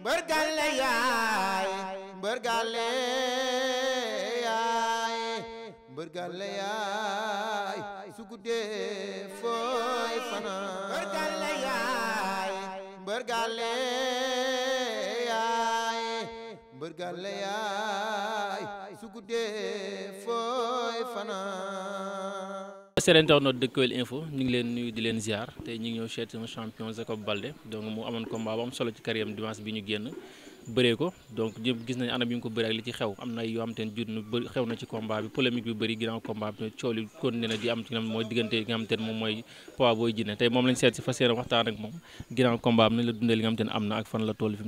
mbër gàlle yaay mbër gàlle fanaan mbër gàlle yaay mbër seen internaute de Kewel Info ñu ngi leen nuyu di leen ziar tey ñu ngi ñëw seet champion Jacob Baldé donc mu amoon combat am solo ci carrière dimanche bi ñu génn bëree ko donc ñëpp gis nañ anam yi nga ko bëree ak li ci xew am na yoo xam te xew na ci combat bi polémique bi bëri ginnaaw combat bi coow li continué di am mooy diggante yi nga xam moom mooy Papa Boy Djiné tey moom lañ seet si fas yéene waxtaan ak moom ginnaaw combat bi la dundee li nga xam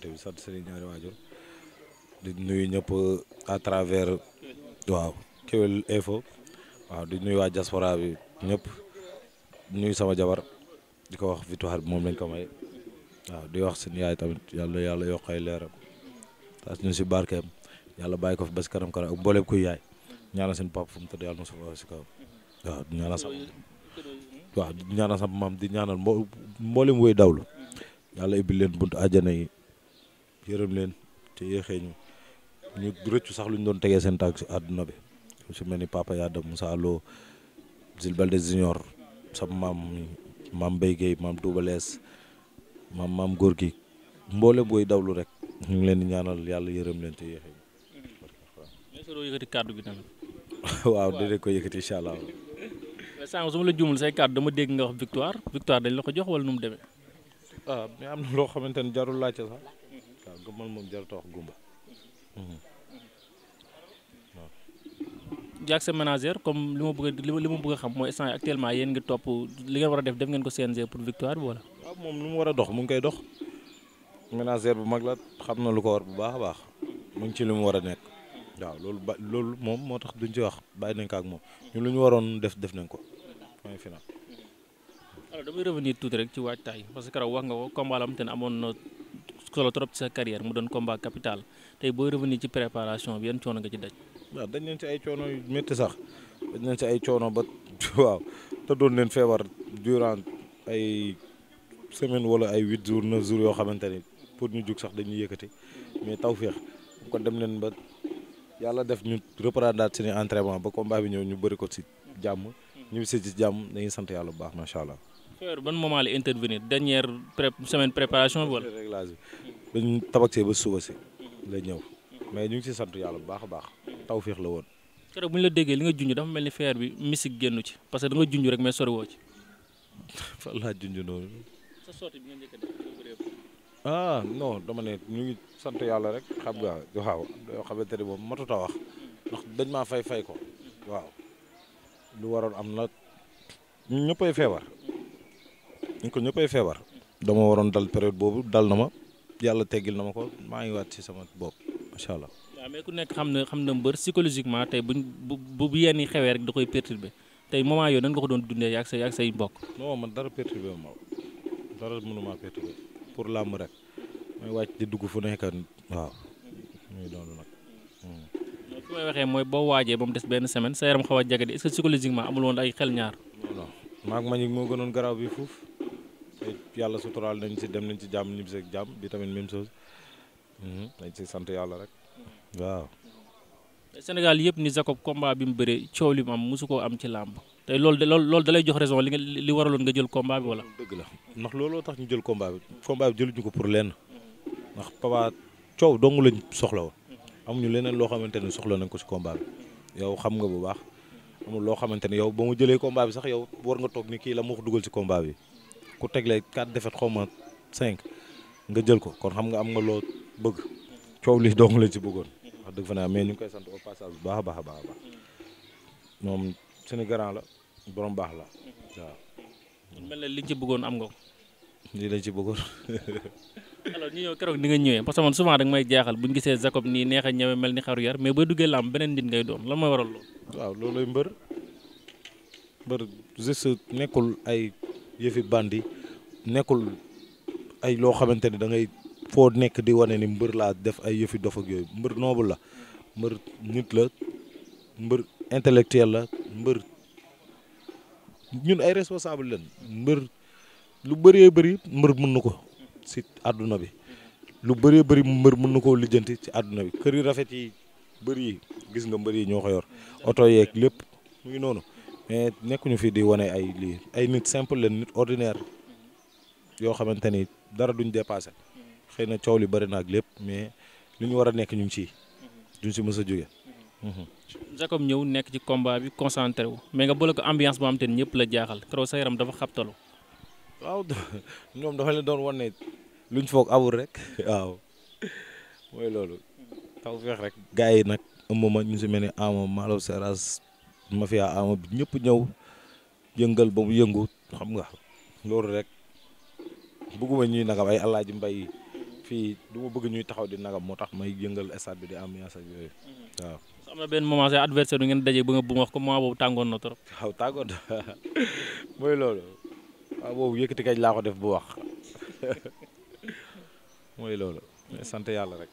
te di nuyu ñëpp à waaw Kewel Info waaw di nuyu waa diaspora bi ñëpp nuyu sama jabar di ko wax victoire bi moom lañ ko may waaw di wax seen yaay tamit yàlla yàlla yokk ay leeram taas ñu si barkeem yàlla bàyyi ko fi ba si kanam kanam ak mbooleem kuy yaay ñaanal seen papa fu mu tëdd yàlla ko sufa si kaw waaw di ñaanal sama waaw di ñaanal maam di ñaanal mbo mboolem woy dawlu yàlla ibbi leen buntu àjjana yi yërëm leen te yéexee ñu ñu rëccu sax lu ñu doon tegee seen tànk si àdduna bi lu si mel ni papa mu Moussa Lo Jules de Junior sama maam maam Mbaye Guèye maam Double Less maam maam góor gi mboole booy dawlu rek ñu ngi leen di ñaanal yàlla yërëm leen te yéexe yëkkati kàddu bi tamit waaw dina ko yëkkati incha allah sànq su ma la juumul say kàddu dama dégg nga wax victoire victoire dañ la ko jox wala nu mu demee ah na loo xamante ne jarul laajte sax waaw gëmmal moom jarut a gumba Mmh. yaag sa manager comme li ma bëgg li ma bëgg a xam mooy instant actuellement yéen ngi topp li ngeen war a def def ngeen ko CNG pour victoire bi wala. waaw ah, moom lu mu war a dox mu ngi koy dox manager bu mag la xam na lu ko war bu baax a baax mu ngi ci li mu war a nekk waaw loolu ba loolu moom moo tax duñ ci wax bàyyi nañ ko ak moom ñun lu ñu waroon def def nañ ko mooy final. alors damay revenir tuuti rek ci waajtaay parce que keroog wax nga ko combat la am te amoon solo trop ci sa carrière mu doon combat capital tey booy revenir ci préparation bi yan coono nga ci daj. dañ leen ci ay coono yu métti sax dañ leen ci ay coono ba waaw te doon leen feebar durant ay semaine wala ay huit jours neuf jours yoo xamante ni pour ñu jug sax dañuy yëkkati mais tawféex kon dem leen ba yàlla def ñu reprendre suñu entraînement ba combat bi ñëw ñu bëri ko ci jàmm. ñu ngi si jàmm dañuy sant yàlla bu baax macha allah. père ban moment la intervenir dernière semaine préparation bi wala. réglage bi dañu ba suba si la ñëw mais ñu ngi si sant yàlla bu baax a baax taw féex la woon. keroog bu ñu la déggee li nga junj dafa mel ni feer bi misik génn ci parce que da nga junj rek mais soriwoo ci. fan laa junj noonu. sa ah non dama ñu ngi sant yàlla rek xam nga waaw yoo xamante ne moom matut a wax dañ maa fay fay ko waaw lu waroon am na ñëppay feebar ñu ko ñëppay feebar dama waroon dal période boobu dal na ma yàlla teggil na ma ko maa ngi waat ci sama bopp macha allah. waaw mais ku nekk xam na xam na mbër psychologiquement tey buñ bu bu yenn xewee rek da koy perturbé tey moment yooyu nan nga ko doon dundee ak sa ak say mbokk. non man dara perturbé ma dara mënuma perturbé pour làmb rek may di dugg fu nekk waaw muy loolu nag. Hmm. fi may waxee mooy waajee ba mu benn semaine sa xaw a jege est-ce ma ñu moo gënoon garaaw bi fuuf. yàlla suturaal nañ si dem nañ si jàmm ñibbi seeg jàmm bi tamit même chose mhm, dañ si sant yàlla rek waaw. Sénégal yëpp ni Jacob combat bi mu bëree coow li mu am mosu koo am ci làmb te loolu de loolu da lay jox raison li nga li waraloon nga jël combat bi wala. dëgg la ndax looloo tax ñu jël combat bi. combat bi jëluñu ko pour lenn ndax Papa coow dong lañ soxla woon amuñu leneen loo xamante ne soxla nañ ko si combat bi yow xam nga bu baax amul loo xamante ne yow ba mu jëlee combat bi sax yow war nga toog ni kii la mu wax dugal si bi. ku tegle quatre défaites xaw ma cinq nga jël ko kon xam nga am nga loo bëgg coow li dong la ci bëggoon wax dëgg fa naa bu baax a baax a baax a baax moom suñu la borom baax la waaw. na li ci bëggoon am nga ko. lii lañ ci bëggoon. alors ñu ñëw keroog ni nga ñëwee parce que man souvent da nga may jaaxal bu ñu gisee Jacob nii neex a ñëwee mel ni xaru yar mais boo duggee làmb beneen nit ngay doon lan mooy waral loolu. waaw loolu lay mbër mbër juste nekkul ay yëfi bandi nekkul ay loo xamante ni da ngay foo nekk di wane ni mbër laa def ay yëfi dof ak yooyu mbër noobu la mbër nit la mbër intellectuel la mbër ñun ay responsable lañ mbër lu bëree bëri mbër mën na ko si àdduna bi lu bëree bëri mbër mën na koo lijjanti ci àdduna bi kër yu rafet yi bëri yi gis nga mbër yi ñoo ko oto yeeg lépp mu noonu mais nekkuñu fii di wane ay lii ay nit simple la nit ordinaire yoo xamante ni dara duñ dépassé xëy na coow li bëri na ak lépp mais li ñu war nekk ñu ngi ciy duñ si mës a jóge mhm. Jacob ñëw nekk ci combat bi concentré wu mais nga boole ko ambiance boo xam te ne ñëpp la jaaxal keroog sa yaram dafa xabtalu waaw ñoom dafa leen doon wan ne luñ foog awul rek waaw mooy loolu taw feex rek gars yi nag ëmb ma ñu si mel ni ama malo seras mafia ama bi ñëpp ñëw yëngal ba mu yëngu xam nga loolu rek bëgguma ñuy nagam ay alaaji mbay fii du bëgg ñuy taxaw di nagam moo tax may yëngal stade bi di ambiance ak yooyu waaw. am na benn moment say adversaire du ngeen dajee ba nga bu wax ko moment boobu tàngoon na trop. waaw tàngoon na mooy loolu waaw boobu yëkkati kañ laa ko def bu wax mooy loolu. sant yàlla rek.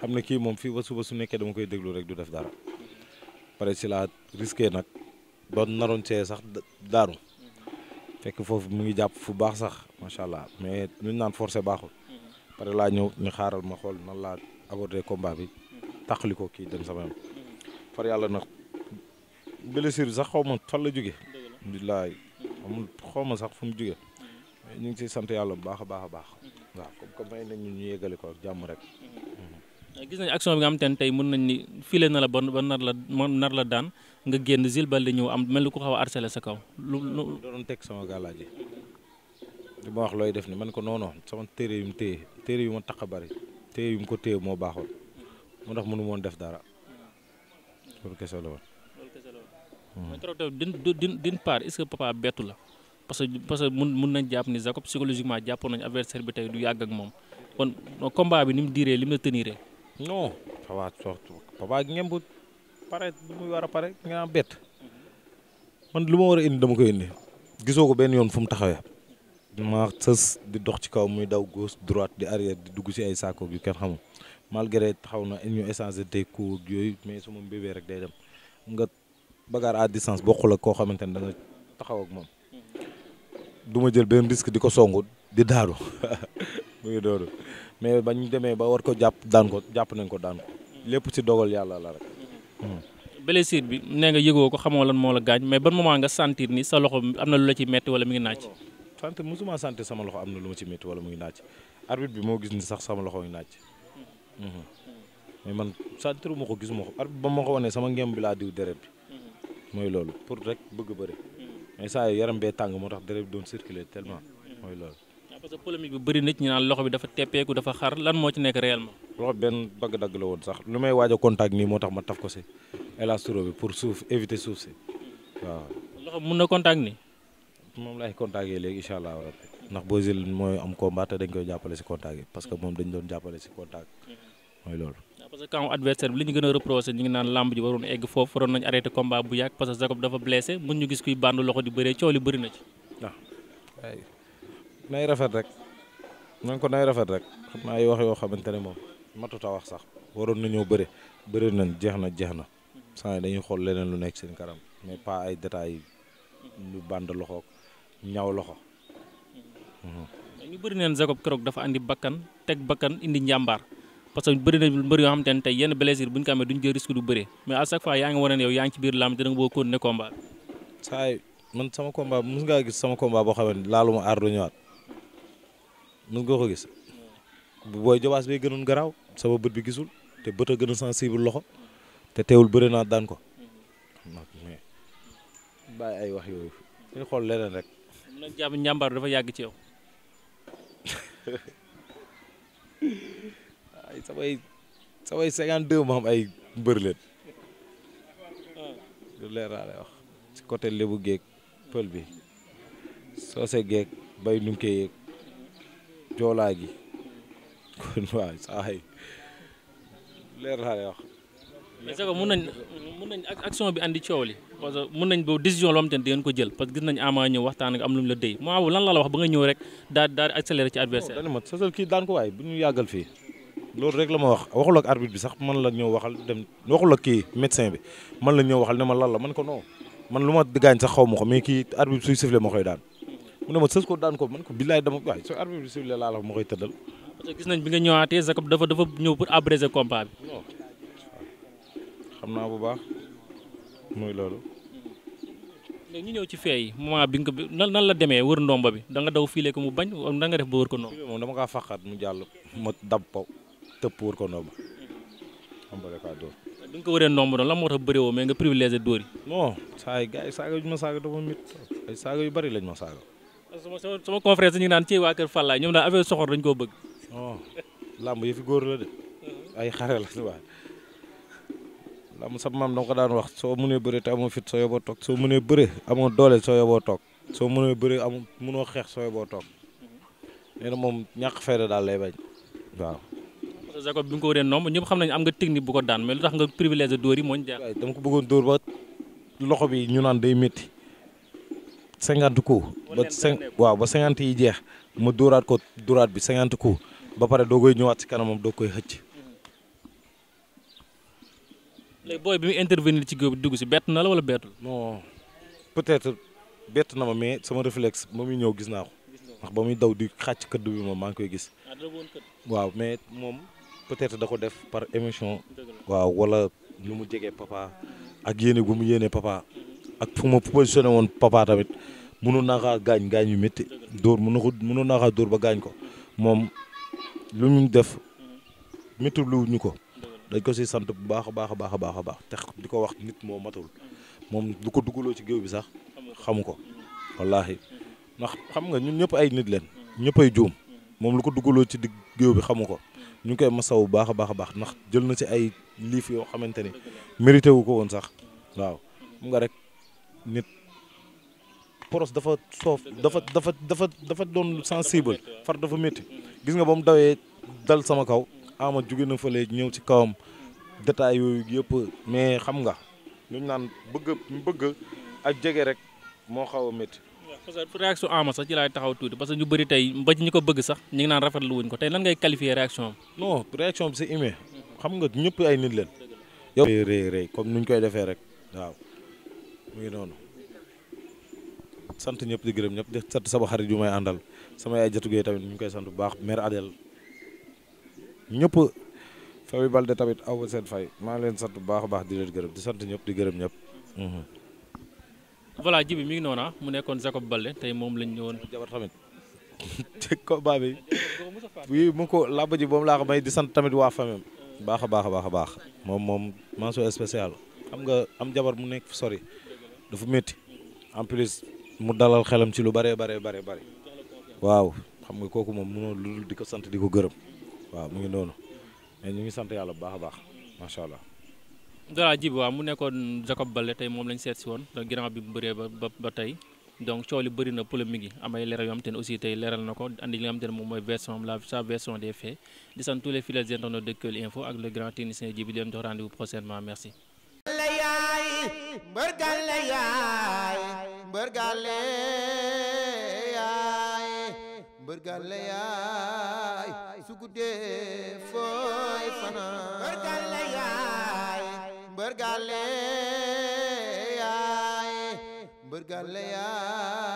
xam ne kii moom fii ba suba su nekkee dama koy déglu rek du def dara pare si laa risqué nag ba naroon see sax daaru fekk foofu mu ngi jàpp fu baax sax macha allah mais lu ñu naan forcé baaxul pare laa ñëw ñu xaaral ma xool nan laa aborder combat bi taxali ko kii dem sama yoon far yàlla nag blessir sax xaw ma fan la jóge bilaay mm-hmm. amul xaw ma sax fu mu jóge mm-hmm. ñu ngi ciy sant yàlla bu baax a baax a baax mm-hmm. waaw comme comme may nañ ñu yégale ko jàmm rek Euh, gis nañ action bi nga xam ne tey mën nañ ni filé na la ba ba nar la nar la daan nga génn Jules Baldé ñëw am mel ni ku xaw a sa kaw. lu lu teg sama gàllaaj li wax looy def ni man ko non non sama téere yu mu téye téere yu ma tax a bëri téere yu mu ko téye moo baaxoon moo tax mënu woon def dara loolu kese la woon. loolu kese la woon. Hmm. mais trop que papa bettu la parce que parce que mun mun nañ jàpp ni Jacob psychologiquement jàppoon nañu adversaire bi tey du yàgg ak moom kon combat bi ni mu diiree li mu la teniree non Papa surtout Papa ngemb pare lu muy war a pare nga naan bett man lu ma war a indi dama koy indi gisoo ko benn yoon fu mu taxawee. ma sës di dox ci kaw muy daw gauche droite di arrière di dugg ci ay saako yu kenn xamul malgré taxaw na ñu échanger des cours yooyu mais su ma bébee rek day dem nga bagarre à distance bokkul ak koo xamante ne da nga taxaw ak moom. Mm-hmm. du ma jël benn risque di ko songu di daanu mu ngi dooru mais ba ñu demee ba war ko jàpp daan ko jàpp nañ ko daan ko lépp si dogal yàlla la rek. Hmm. blessure bi nee nga yëgoo ko xamoo lan moo la gaañ mais ban moment nga sentir ni sa loxo am na lu la ci metti wala mu ngi naaj. sant mosuma sant sama loxo am na lu ma ci metti mu ngi naaj arbitre bi moo gis ni sax sama loxo ngi naaj. Hmm. mais man santiru ma ko gisuma ko arbitre ba ma ko wanee sama ngem bi laa diw deret bi. mooy loolu pour rek bëgg bëri. Hmm. mais saa yaram bee tàng moo tax deret bi doon circuler tellement mooy loolu. parce que polémique bi bëri na ci ñu naan loxo bi dafa teppeeku dafa xar lan moo ci nekk réellement. loxo benn dagg-dagg la woon sax lu may waaj a contact nii moo tax ma taf ko si élastro bi pour suuf éviter suuf si waaw. loxo mun na contact nii. moom laay contacter léegi incha allah rabbi ndax Bozil mooy am combat te dañ koy jàppale si contact yi parce que moom dañ doon jàppale si contact mm-hmm. mooy loolu. Ah, parce que adversaire bi li ñu gën a ñu ngi naan lamb ji waroon egg foofu waroon nañu arrêté combat bu yàgg parce que Jacob dafa blessé mun nay rafet rek nañ ko nay rafet rek xam naa ay wax yoo xamante ne moom matuta wax sax waroon nañoo bëri bëri nañ jeex na jeex na saa dañuy xool leneen lu nekk seen kanam mais pas ay détails ñu bànd loxo ñaw loxo. Mhm. ñu bëri neen Jacob keroog dafa andi bakkan teg bakkan indi njàmbaar parce te ne tey yenn blessure bu ñu ko amee duñ jël risque du bëree mais à chaque yaa ngi wane ne yow yaa ngi ci biir làmb te da nga boo continuer combat. saa man sama combat mos ngaa gis sama combat boo xam ne laaluma aar du ñëwaat. mën nga ko gis booy jobaas bi gënoon garaw sama bët bi gisul te bët a gën a sensible loxo te teewul bëri naa daan ko bàyyi ay wax yooyu ñu xool leneen rek. mun na dafa yàgg ci yow. ay samay samay cinquante deux ma am ay mbër leen ah. lu leer laa pël bi soose geeg bay nunkee joolaa gi kon waaw saa yi leer laa lay wax. mun nañ mun nañ action bi di coow li parce que mun nañ boobu décision loo xamante ko jël parce que gis nañ Ama ñëw waxtaan ak am lu mu la déy Mawou lan la la wax ba nga ñëw rek daal daal accéléré ci adversaire dana ma kii daan ko waaye bu ñu yàggal fii loolu rek la ma wax waxul ak bi sax man la ñëw waxal dem waxul kii médecin bi man la ñëw waxal ne ma lan la man ko non man lu ma gaañ sax xaw ma ko mais kii arbitre suy sifflé ma koy daan mu ne ma sës ko daan ko man ko billaay dama waay soo arbitre bi sifflé laa la ma koy tëddal. parce que gis nañ bi nga ñëwaatee Jacob bi. mooy loolu. léegi ñu ñëw ci fee yi bi nga nan la demee wër ndomba bi da nga daw ko mu bañ da nga def ba wër ko ndomba. moom dama kaa faqat ko tëpp wër ko ndomba. ko wëree ndomba la moo tax bëriwoo mais yu gars yi saaga yu ma saaga dafa sama sama confrère ñu ngi naan ci waa Kër Fallaye ñoom daal affaire soxor dañ koo bëgg. non oh, làmb yëfi góor la de. Mhm. ay xare la waaw. làmb sa maam da ko daan wax soo mënee bëre te amoo fit soo yoboo toog soo mënee bëre amoo doole soo yoboo toog soo mënee bëre amoo mënoo xeex soo yoboo toog mhm. nee na moom ñàkk fayda daal lay bañ waaw. parce que Jacob bi nga ko wëree nomb ñëpp xam nañ am nga technique bu ko daan mais lu tax nga privilégié dóor yi moo ñu jaaxal. dama ko bëggoon dóor ba loxo bi ñu naan day métti. cinquante coups ba cinq waaw ba cinquante yi jeex ma dóoraat ko dóoraat bi cinquante coups ba pare doo koy ñëwaat ci kanamam doo koy xëcc. léegi bi muy intervenir ci góob dugg si bett na la wala bettul. non peut-être bett na ma mais sama réflexe ba muy ñëw gis naa ko ba muy daw di xàcc këdd bi moom maa ngi koy gis. Ah, waaw mais moom peut-être da ko def par émission. waaw wala lu mu jegee papa ak yéene bu mu yéenee papa. ak fu ma positionné woon papa tamit mënoon naa gaañ gaañ yu métti dóor mënu ko mënoon naa kaa dóor ba gaañ ko moom lu ñu def métti lu ñu ko dañ ko si sant bu baax a baax a baax a baax a baax te di ko wax nit moo matul moom du ko dugaloo ci géew bi sax xamu ko wallaahi ndax xam nga ñun ñëpp ay nit leen ñëpp ay juum moom lu ko dugaloo ci digg géew bi xamu ko ñu ngi koy masawu bu baax a baax a baax ndax jël na si ay liif yoo xamante ni mérité wu ko woon sax waaw xam nga rek. nit poros dafa soof dafa dafa dafa dafa doon sensible far dafa métti gis nga ba mu dawee dal sama kaw ama jóge na fële ñëw ci kawam détail yooyu yëpp mais xam nga ñu naan bëgg bëgg ak jege rek moo xaw a métti. parce que réaction ama taxaw tuuti parce que ñu bëri tey mbaj ñi ko bëgg sax ñu ngi naan rafetlu wuñ ko tey lan ngay qualifier réaction am. non réaction bi c'est humain xam nga ñëpp ay nit leen. yow. rëy rëy comme nuñ koy defee rek waaw. mu ngi noonu sant ñëpp di gërëm ñëpp di sant sama xarit yu may àndal sama yaay jatugee tamit mu ngi koy sant bu baax mère Adel ñëpp Fabi Balde tamit aw seen fay maa ngi leen sant bu baax a baax di leen di sant ñëpp di gërëm ñëpp mhm. voilà jibi mi ngi noona ah, mu nekkoon Jacob Balde tey moom lañ ñëwoon jabar tamit te combat bi oui mu ko làmb ji moom laa ko may di sant tamit waa famem baax a baax a baax a baax moom moom mention spéciale xam nga am jabar mu nekk sori dafa métti en plus mu dalal xelam ci lu bare bare bare bëri waaw xam nga kooku moom mënoo lu di ko sant di ko gërëm waaw mu ngi noonu mais ñu ngi sant yàlla bu baax baax macha allah. dara ji waaw mu nekkoon Jacob Baldé tey moom lañ seet si woon donc bi mu bëree ba ba tey donc coow li bëri na polémique yi am ay leeral yoo te aussi tey leeral na ko andi li nga te moom mooy version la sa version des faits di sant tous les fidèles de Kewel Info ak le grand mbërgale yaay mbërgale yaay mbërgale yaay su guddee fooy fanaan mbërgale yaay mbërgale yaay mbërgale yaay